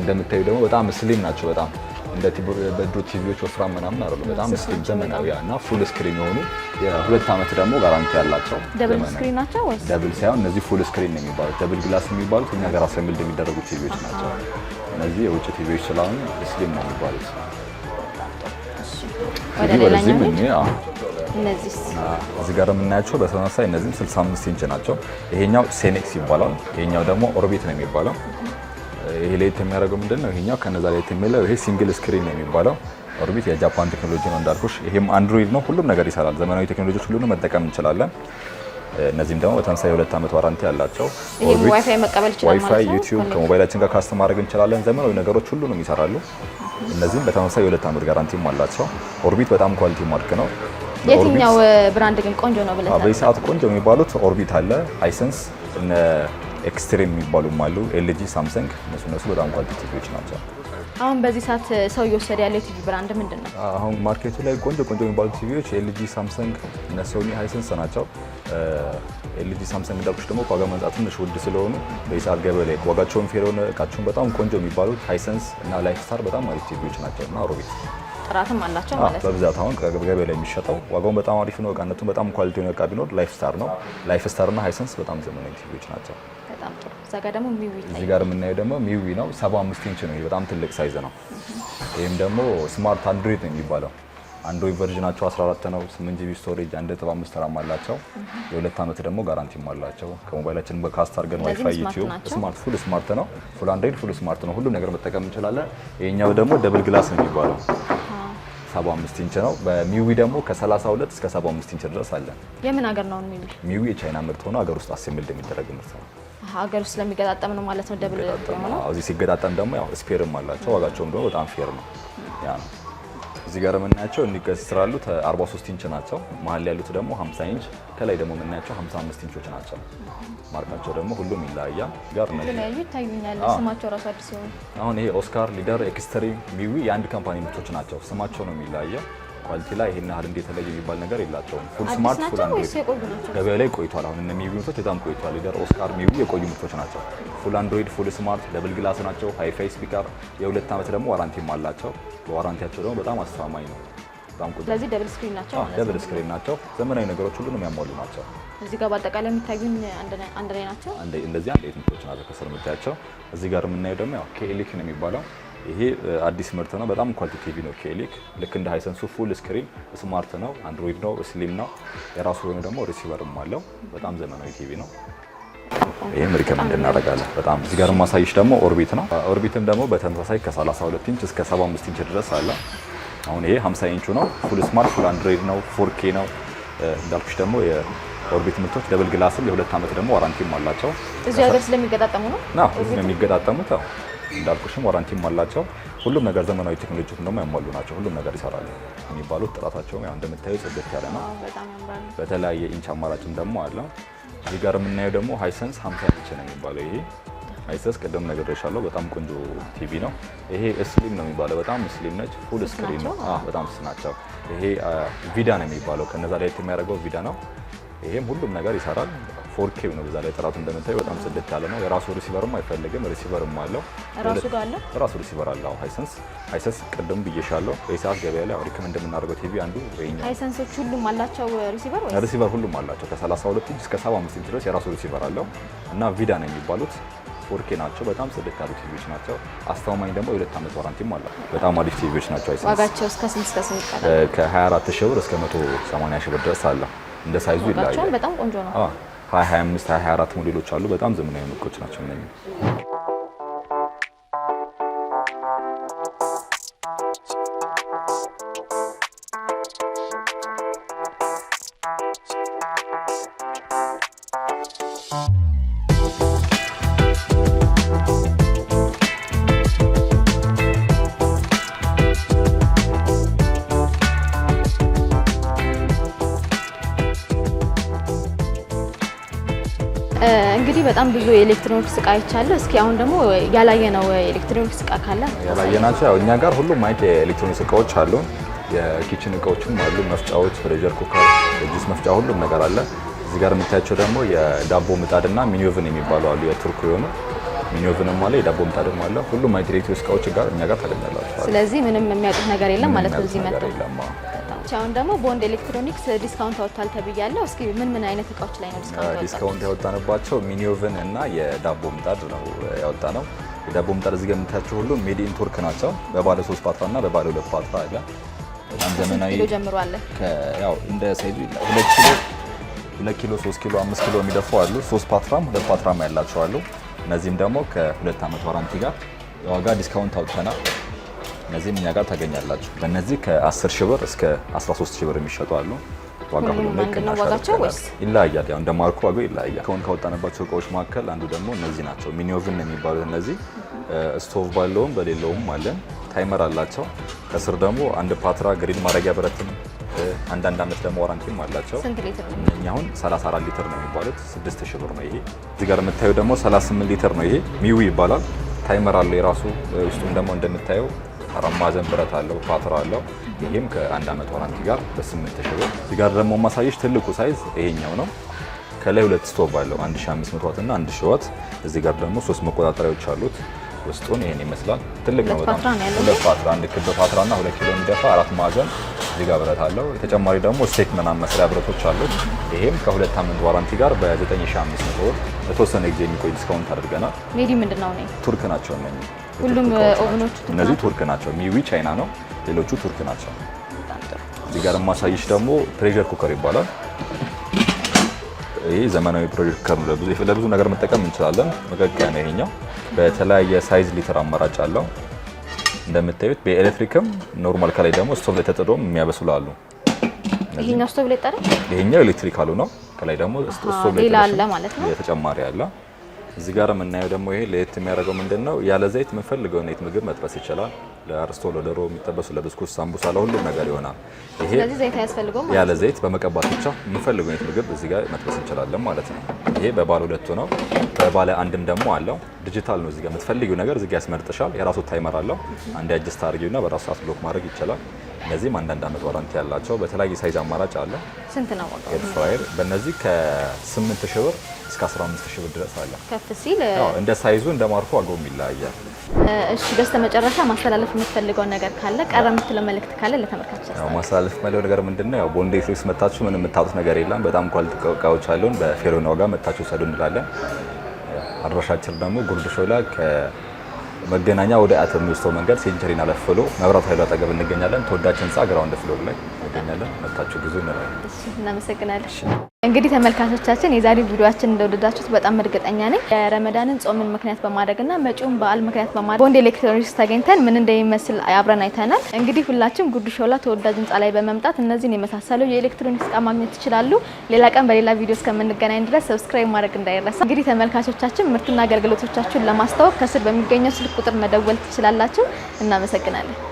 Speaker 2: እንደምታዩ ደግሞ በጣም ስሊም ናቸው በጣም እንደ በድሮ ቲቪዎች ወፍራም ምናምን አይደሉም። በጣም ዘመናዊ እና ፉል ስክሪን የሆኑ የሁለት ዓመት ደግሞ ጋራንቲ ያላቸው ደብል ስክሪን ናቸው። ደብል ሳይሆን እነዚህ ፉል ስክሪን ነው የሚባሉት። ደብል ግላስ የሚባሉት እኛ ጋር አሰምብል የሚደረጉ ቲቪዎች ናቸው። እነዚህ የውጭ ቲቪዎች ስለሆኑ ስሊም ነው የሚባሉት። ወደዚህም እዚህ ጋር የምናያቸው በተመሳሳይ እነዚህም 65 ኢንች ናቸው። ይሄኛው ሴኔክስ ይባላል። ይሄኛው ደግሞ ኦርቢት ነው የሚባለው ይሄ ለየት የሚያደርገው ምንድን ነው? ይሄኛው ከነዛ ለየት የሚለው ይሄ ሲንግል ስክሪን ነው የሚባለው። ኦርቢት የጃፓን ቴክኖሎጂ ነው እንዳልኩሽ። ይሄም አንድሮይድ ነው፣ ሁሉም ነገር ይሰራል። ዘመናዊ ቴክኖሎጂዎች ሁሉንም መጠቀም እንችላለን። እነዚህም ደግሞ በተመሳሳይ የሁለት ዓመት ዋራንቲ ያላቸው ዋይፋይ ዩቲዩብ ከሞባይላችን ጋር ካስተም ማድረግ እንችላለን። ዘመናዊ ነገሮች ሁሉንም ይሰራሉ። እነዚህም በተመሳሳይ የሁለት ዓመት ጋራንቲም አላቸው። ኦርቢት በጣም ኳሊቲ ማርክ ነው። የትኛው ብራንድ ግን ቆንጆ ነው ብለህ በዚህ ሰዓት ቆንጆ የሚባሉት ኦርቢት አለ፣ ሃይሰንስ ኤክስትሪም የሚባሉም አሉ። ኤልጂ፣ ሳምሰንግ እነሱ እነሱ በጣም ኳሊቲ ቲቪዎች ናቸው። አሁን በዚህ ሰዓት ሰው እየወሰደ ያለው ቲቪ ብራንድ ምንድን ነው? አሁን ማርኬቱ ላይ ቆንጆ ቆንጆ የሚባሉ ቲቪዎች ኤልጂ፣ ሳምሰንግ፣ እነ ሶኒ፣ ሃይሰንስ ናቸው። ኤልጂ፣ ሳምሰንግ ዳኮች ደግሞ ከዋጋ መንጻት ትንሽ ውድ ስለሆኑ በዚህ ሰዓት ገበያ ላይ ዋጋቸውን ፌር የሆነ እቃቸውን በጣም ቆንጆ የሚባሉት ሃይሰንስ እና ላይፍ ስታር በጣም አሪፍ ቲቪዎች ናቸው እና ሮቤት ጥራትም አላቸው ማለት ነው። በብዛት አሁን ገበያ ላይ የሚሸጠው ዋጋውን በጣም አሪፍ ነው። እቃነቱን በጣም ኳሊቲ ነው። እቃ ቢኖር ላይፍ ስታር ነው። ላይፍ ስታር እና ሃይሰንስ በጣም ዘመናዊ ቲቪዎች ናቸው። በጣም ጥሩ። እዛ ጋር ደግሞ ሚዊ እዚህ ጋር የምናየው ደግሞ ሚዊ ነው። 75 ኢንች ነው። በጣም ትልቅ ሳይዝ ነው። ይህም ደግሞ ስማርት አንድሮይድ ነው የሚባለው። አንድሮይድ ቨርዥናቸው 14 ነው። 8 ጂቢ ስቶሬጅ፣ 1.5 ተራም አላቸው። የሁለት ዓመት ደግሞ ጋራንቲም አላቸው። ከሞባይላችን በካስት አድርገን ዋይፋይ፣ ዩቲዩብ፣ ስማርት ፉል ስማርት ነው። ፉል አንድሮይድ ፉል ስማርት ነው። ሁሉም ነገር መጠቀም እንችላለን። ይሄኛው ደግሞ ደብል ግላስ ነው የሚባለው 75 ኢንች ነው። በሚዊ ደግሞ ከ32 እስከ 75 ኢንች ድረስ አለ። የምን ሀገር ነው ሚዊ? ሚዊ የቻይና ምርት ሆኖ ሀገር ውስጥ አሴምብልድ የሚደረግ ምርት ነው። ሀገር ውስጥ ስለሚገጣጠም ነው ማለት ነው። ደብል ነው። እዚህ ሲገጣጠም ደግሞ ያው ስፔርም አላቸው ዋጋቸውም ደግሞ በጣም ፌር ነው። ያ ነው። እዚህ ጋር የምናያቸው እንዲገስራሉት 43 ኢንች ናቸው። መሀል ያሉት ደግሞ 50 ኢንች፣ ከላይ ደግሞ የምናያቸው 55 ኢንቾች ናቸው። ማርካቸው ደግሞ ሁሉም ይለያያል። ጋር ነው የተለያዩ ይታዩኛል። ስማቸው ራሱ አዲስ ሲሆን አሁን ይሄ ኦስካር ሊደር ኤክስትሪም ቪዊ የአንድ ካምፓኒ ምርቶች ናቸው። ስማቸው ነው የሚለያየው ኳሊቲ ላይ ይሄን ያህል እንደተለየ የሚባል ነገር የላቸውም። ፉል ስማርት ፉል አንድሮይድ ገበያ ላይ ቆይቷል። አሁን እነ ሚቪ ምርቶች በጣም ቆይቷል። ሊደር ኦስካር ሚቪ የቆዩ ምርቶች ናቸው። ፉል አንድሮይድ ፉል ስማርት ደብል ግላስ ናቸው። ሃይፋይ ስፒከር የሁለት ዓመት ደግሞ ዋራንቲም አላቸው። በዋራንቲያቸው ደግሞ በጣም አስተማማኝ ነው። ስለዚህ ደብል ስክሪን ናቸው። ደብል ስክሪን ናቸው። ዘመናዊ ነገሮች ሁሉ ነው የሚያሟሉ ናቸው። እዚህ ጋር በአጠቃላይ የሚታዩን አንድ ላይ ናቸው። እንደዚህ አንድ ምርቶች ናቸው ከስር እዚህ ጋር የምናየው ደግሞ ኬሊክ ነው የሚባለው ይሄ አዲስ ምርት ነው። በጣም ኳሊቲ ቲቪ ነው። ኬሊክ ልክ እንደ ሃይሰንሱ ፉል ስክሪን ስማርት ነው። አንድሮይድ ነው፣ ስሊም ነው። የራሱ የሆነ ደግሞ ሪሲቨርም አለው። በጣም ዘመናዊ ቲቪ ነው። ይህም ሪከመንድ እናደርጋለን በጣም እዚህ ጋር ማሳይሽ ደግሞ ኦርቢት ነው። ኦርቢትም ደግሞ በተመሳሳይ ከ32 ኢንች እስከ 75 ኢንች ድረስ አለ። አሁን ይሄ 50 ኢንቹ ነው። ፉል ስማርት ፉል አንድሮይድ ነው። ፎርኬ ነው እንዳልኩሽ ደግሞ ኦርቢት ምርቶች ደብል ግላስም የሁለት ዓመት ደግሞ ዋራንቲም አላቸው። እዚህ ሀገር ስለሚገጣጠሙ ነው ነው ስለሚገጣጠሙት እንዳልኩሽም ዋራንቲም አላቸው። ሁሉም ነገር ዘመናዊ ቴክኖሎጂ ደግሞ ያሟሉ ናቸው። ሁሉም ነገር ይሰራሉ የሚባሉት ጥራታቸውም ያው እንደምታዩ ጽድት ያለ ነው። በተለያየ ኢንች አማራጭም ደግሞ አለ። እዚህ ጋር የምናየው ደግሞ ሃይሰንስ 50 ኢንች ነው የሚባለው ይሄ አይሰስ ቅድም ነግሬሻለሁ። በጣም ቆንጆ ቲቪ ነው ይሄ። እስሊም ነው የሚባለው በጣም እስሊም ነች። ፉል ስክሪን ነው። አዎ በጣም ስ ናቸው። ይሄ ቪዳ ነው የሚባለው ከነዛ ላይ የሚያደርገው ቪዳ ነው። ይሄም ሁሉም ነገር ይሰራል። ፎር ኬ ነው። በዛ ላይ ጥራቱ እንደምታዩ በጣም ጽድት ያለ ነው። የራሱ ሪሲቨርም አይፈልግም። ሪሲቨርም አለው ራሱ ጋር ራሱ ሪሲቨር አለው። ሃይሰንስ ሃይሰንስ ቅድም ብዬሻለሁ። በሰዓት ገበያ ላይ ሪከመንድ የምናደርገው ቲቪ አንዱ ይኸኛው። ሃይሰንሶች ሁሉም አላቸው ሪሲቨር ወይስ ሪሲቨር? ሁሉም አላቸው ከ32 ኢንች እስከ 75 ኢንች ድረስ የራሱ ሪሲቨር አለው እና ቪዳ ነው የሚባሉት ፎርኬ ናቸው። በጣም ጽድት ያሉ ቲቪዎች ናቸው። አስተማማኝ ደግሞ የሁለት ዓመት ዋራንቲም አለ። በጣም አሪፍ ቲቪዎች ናቸው። ዋጋቸው እስከ ስንት እስከ ስንት ከ24 ሺህ ብር እስከ 180 ሺህ ብር ድረስ አለ። እንደ ሳይዙ ይለያል። በጣም ቆንጆ ነው። 2025 አራት ሞዴሎች አሉ። በጣም ዘመናዊ ምርቆች ናቸው እነኚህ። እንግዲህ በጣም ብዙ የኤሌክትሮኒክስ እቃዎች አሉ። እስኪ አሁን ደግሞ ያላየነው ኤሌክትሮኒክስ እቃ ካለ ያላየናቸው ያው እኛ ጋር ሁሉም አይነት የኤሌክትሮኒክስ እቃዎች አሉ። የኪችን እቃዎችም አሉ፣ መፍጫዎች፣ ፕሬሸር ኩከር፣ ጁስ መፍጫ ሁሉም ነገር አለ። እዚህ ጋር የምታያቸው ደግሞ የዳቦ ምጣድና ሚኒዮቭን የሚባሉ አሉ። የቱርክ የሆኑ ሚኒዮቭንም አለ የዳቦ ምጣድም አለ። ሁሉም አይነት ኤሌክትሮኒክስ እቃዎች ጋር እኛ ጋር ታገኛላችሁ። ስለዚህ ምንም የሚያጡት ነገር የለም ማለት ነው እዚህ መጥተው አሁን ደግሞ ቦንድ ኤሌክትሮኒክስ ዲስካውንት አወጥቷል ተብያለሁ። እስኪ ምን ምን አይነት እቃዎች ላይ ነው ዲስካውንት ያወጣንባቸው? ሚኒዮቭን እና የዳቦ ምጣድ ነው ያወጣ ነው። የዳቦ ምጣድ እዚህ ገምታችሁ ሁሉ ሜድ ኢን ቱርክ ናቸው። በባለ ሶስት ፓትራ እና በባለ 2 ፓትራ አለ። በጣም ዘመናዊ ያው እንደ ሳይዙ ሁለት ኪሎ ሁለት ኪሎ ሶስት ኪሎ አምስት ኪሎ የሚደፉ አሉ። ሶስት ፓትራም ሁለት ፓትራም ያላቸው አሉ። እነዚህም ደግሞ ከሁለት ዓመት ዋራንቲ ጋር የዋጋ ዲስካውንት አውጥተናል። እነዚህም እኛ ጋር ታገኛላችሁ። በእነዚህ ከ10 ሺህ ብር እስከ 13 ሺህ ብር የሚሸጡ አሉ። ዋጋ ሁሉም ይለያያል። ያው እንደ ማርኩ ዋጋው ይለያያል። ከሆን ካወጣንባቸው እቃዎች መካከል አንዱ ደግሞ እነዚህ ናቸው። ሚኒዮቭን የሚባሉት እነዚህ ስቶቭ ባለውም በሌለውም አለን። ታይመር አላቸው። ከስር ደግሞ አንድ ፓትራ ግሪል ማድረጊያ ብረትም አንዳንድ አመት ደግሞ ዋራንቲም አላቸው። እኛ አሁን 34 ሊትር ነው የሚባሉት 6000 ብር ነው ይሄ። እዚህ ጋር የምታዩ ደግሞ 38 ሊትር ነው ይሄ። ሚዊ ይባላል። ታይመር አለው የራሱ ውስጡም ደግሞ እንደምታየው አራማዘን ብረት አለው፣ ፓትር አለው። ይህም ከአንድ ዓመት ዋራንቲ ጋር በ ሺህ ብር። እዚህ ጋር ደግሞ ማሳየሽ ትልቁ ሳይዝ ይሄኛው ነው። ከላይ ሁለት ስቶቭ አለው 1500 ዋት እና 1000 ዋት። እዚህ ጋር ደግሞ ሶስት መቆጣጠሪያዎች አሉት። ውስጡን ይሄን ይመስላል። ትልቅ ነው በጣም ሁለት ፓትራ፣ አንድ ክብ ፓትራ እና ሁለት ኪሎ የሚደፋ አራት ማዕዘን እዚህ ጋር ብረት አለው። ተጨማሪ ደግሞ ስቴክ ምናምን መስሪያ ብረቶች አሉት። ይሄም ከሁለት ዓመት ዋራንቲ ጋር በ9500 ብር ለተወሰነ ጊዜ የሚቆይ ዲስካውንት አድርገናል። ሜዲ ምንድነው ነው ቱርክ ናቸው ነው ሁሉም ኦቨኖቹ እነዚህ ቱርክ ናቸው። ሚዊ ቻይና ነው፣ ሌሎቹ ቱርክ ናቸው። እዚህ ጋር የማሳይሽ ደግሞ ፕሬሸር ኩከር ይባላል። ይህ ዘመናዊ ፕሬሸር ኩከር ነው። ለብዙ ነገር መጠቀም እንችላለን። መቀቀያ ነው ይሄኛው። በተለያየ ሳይዝ ሊትር አማራጭ አለው። እንደምታዩት በኤሌክትሪክም ኖርማል፣ ከላይ ደግሞ ስቶቭ ላይ ተጥዶም የሚያበስሉ አሉ። ይሄኛው ስቶቭ ላይ ይጠራል። ይሄኛው ኤሌክትሪካሉ ነው። ከላይ ደግሞ ስቶቭ ላይ ተጨማሪ አለ እዚህ ጋር የምናየው ደግሞ ይሄ ለየት የሚያደርገው ምንድን ነው? ያለ ዘይት የምንፈልገውን የት ምግብ መጥበስ ይችላል። ለአርስቶ ለዶሮ የሚጠበሱ ለብስኩስ፣ ሳምቡሳ፣ ለሁሉም ነገር ይሆናል። ይሄ ያለ ዘይት በመቀባት ብቻ የምንፈልገውን የት ምግብ እዚህ ጋር መጥበስ እንችላለን ማለት ነው። ይሄ በባለ ሁለቱ ነው። በባለ አንድም ደግሞ አለው። ዲጂታል ነው። እዚህ ጋር የምትፈልጊው ነገር እዚህ ጋር ያስመርጥሻል። የራሱ ታይመር አለው። አንድ አጅስት አድርጊውና በራሱ ሰዓት ብሎክ ማድረግ ይችላል። እነዚህም አንዳንድ አመት ዋራንቲ ያላቸው በተለያየ ሳይዝ አማራጭ አለ። ስንት ነው ዋጋ? ኤርፍራየር በእነዚህ ከ8 ብር እስከ 15000 ብር ድረስ አለ። ከፍ ሲል እንደ ሳይዙ እንደ ማርኩ ዋጋውም ይለያያል። እሺ፣ በስተ መጨረሻ ማስተላለፍ የምትፈልገው ነገር ካለ ቀረ የምትለው መልእክት ካለ ለተመልካቾች ያስተላልፍ። ያው ማስተላለፍ የምትፈልገው ነገር ምንድነው? ያው ቦንዴ ፍሬስ መታችሁ ምንም የምታጡት ነገር የለም። በጣም ኳሊቲ እቃዎች አሉን። በፌሮና ዋጋ መታችሁ ሰዱ እንላለን። አድራሻችን ደግሞ ጉርድ ሾላ ከመገናኛ ወደ አቶ የሚወስደው መንገድ ሴንቸሪን አለፍ መብራት ኃይሉ አጠገብ እንገኛለን። ተወዳጅ ህንጻ ግራውንድ ፍሎር ላይ እንገኛለን። መታችሁ ግዙ እንላለን። እናመሰግናለን። እንግዲህ ተመልካቾቻችን የዛሬ ቪዲዮአችን እንደወደዳችሁት በጣም እርግጠኛ ነኝ። የረመዳንን ጾምን ምክንያት በማድረግና መጪውን በዓል ምክንያት በማድረግ ቦንድ ኤሌክትሮኒክስ ተገኝተን ምን እንደሚመስል አብረን አይተናል። እንግዲህ ሁላችን ጉዱ ሾላ ተወዳጅ ህንፃ ላይ በመምጣት እነዚህን የመሳሰሉ የኤሌክትሮኒክስ እቃ ማግኘት ትችላሉ። ሌላ ቀን በሌላ ቪዲዮ እስከምንገናኝ ድረስ ሰብስክራይብ ማድረግ እንዳይረሳ። እንግዲህ ተመልካቾቻችን ምርትና አገልግሎቶቻችሁን ለማስተዋወቅ ከስር በሚገኘው ስልክ ቁጥር መደወል ትችላላችሁ። እናመሰግናለን።